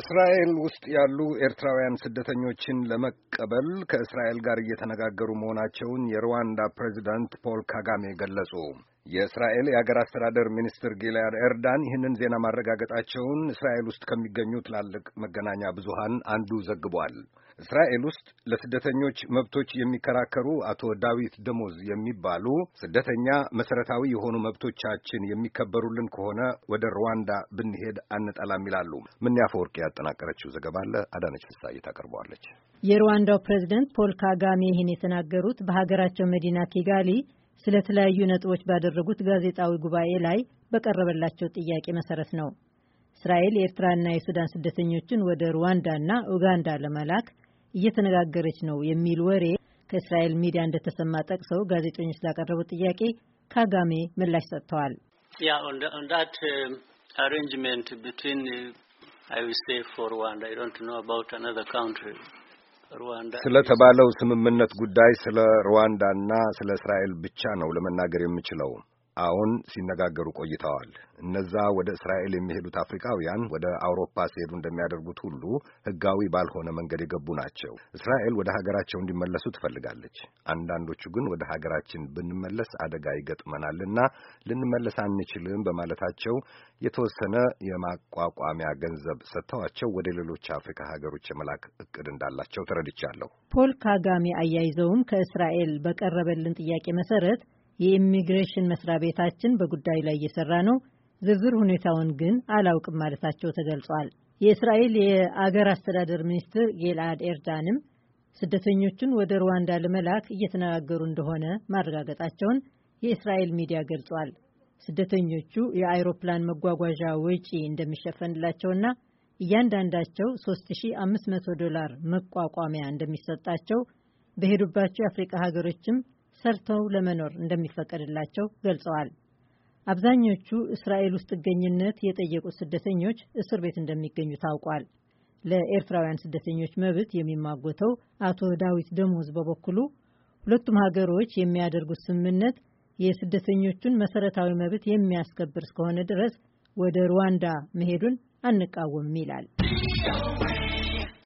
እስራኤል ውስጥ ያሉ ኤርትራውያን ስደተኞችን ለመቀበል ከእስራኤል ጋር እየተነጋገሩ መሆናቸውን የሩዋንዳ ፕሬዚዳንት ፖል ካጋሜ ገለጹ። የእስራኤል የአገር አስተዳደር ሚኒስትር ጊልያድ ኤርዳን ይህንን ዜና ማረጋገጣቸውን እስራኤል ውስጥ ከሚገኙ ትላልቅ መገናኛ ብዙሃን አንዱ ዘግቧል። እስራኤል ውስጥ ለስደተኞች መብቶች የሚከራከሩ አቶ ዳዊት ደሞዝ የሚባሉ ስደተኛ መሰረታዊ የሆኑ መብቶቻችን የሚከበሩልን ከሆነ ወደ ሩዋንዳ ብንሄድ አንጠላም ይላሉ። ምንያፈ ወርቅ ያጠናቀረችው ዘገባ አለ አዳነች ፍሳይ ታቀርበዋለች። የሩዋንዳው ፕሬዚደንት ፖል ካጋሜ ይህን የተናገሩት በሀገራቸው መዲና ኪጋሊ ስለ ተለያዩ ነጥቦች ባደረጉት ጋዜጣዊ ጉባኤ ላይ በቀረበላቸው ጥያቄ መሰረት ነው። እስራኤል የኤርትራና የሱዳን ስደተኞችን ወደ ሩዋንዳና ኡጋንዳ ለመላክ እየተነጋገረች ነው የሚል ወሬ ከእስራኤል ሚዲያ እንደተሰማ ጠቅሰው ጋዜጠኞች ላቀረቡት ጥያቄ ካጋሜ ምላሽ ሰጥተዋል። አሬንጅመንት ቢትዊን አይ ዊል ሴይ ፎር አይ ዶንት ኖ አባውት አናዘር ካውንትሪ ስለተባለው ስምምነት ጉዳይ ስለ ሩዋንዳና ስለ እስራኤል ብቻ ነው ለመናገር የምችለው። አዎን ሲነጋገሩ ቆይተዋል። እነዛ ወደ እስራኤል የሚሄዱት አፍሪካውያን ወደ አውሮፓ ሲሄዱ እንደሚያደርጉት ሁሉ ሕጋዊ ባልሆነ መንገድ የገቡ ናቸው። እስራኤል ወደ ሀገራቸው እንዲመለሱ ትፈልጋለች። አንዳንዶቹ ግን ወደ ሀገራችን ብንመለስ አደጋ ይገጥመናልና ልንመለስ አንችልም በማለታቸው የተወሰነ የማቋቋሚያ ገንዘብ ሰጥተዋቸው ወደ ሌሎች አፍሪካ ሀገሮች የመላክ እቅድ እንዳላቸው ተረድቻለሁ። ፖል ካጋሚ አያይዘውም ከእስራኤል በቀረበልን ጥያቄ መሰረት የኢሚግሬሽን መስሪያ ቤታችን በጉዳዩ ላይ እየሰራ ነው፣ ዝርዝር ሁኔታውን ግን አላውቅም ማለታቸው ተገልጿል። የእስራኤል የአገር አስተዳደር ሚኒስትር ጌልአድ ኤርዳንም ስደተኞቹን ወደ ሩዋንዳ ለመላክ እየተነጋገሩ እንደሆነ ማረጋገጣቸውን የእስራኤል ሚዲያ ገልጿል። ስደተኞቹ የአይሮፕላን መጓጓዣ ወጪ እንደሚሸፈንላቸውና እያንዳንዳቸው 3500 ዶላር መቋቋሚያ እንደሚሰጣቸው በሄዱባቸው የአፍሪቃ ሀገሮችም ሰርተው ለመኖር እንደሚፈቀድላቸው ገልጸዋል። አብዛኞቹ እስራኤል ውስጥ ጥገኝነት የጠየቁት ስደተኞች እስር ቤት እንደሚገኙ ታውቋል። ለኤርትራውያን ስደተኞች መብት የሚማጎተው አቶ ዳዊት ደሞዝ በበኩሉ ሁለቱም ሀገሮች የሚያደርጉት ስምምነት የስደተኞቹን መሰረታዊ መብት የሚያስከብር እስከሆነ ድረስ ወደ ሩዋንዳ መሄዱን አንቃወምም ይላል።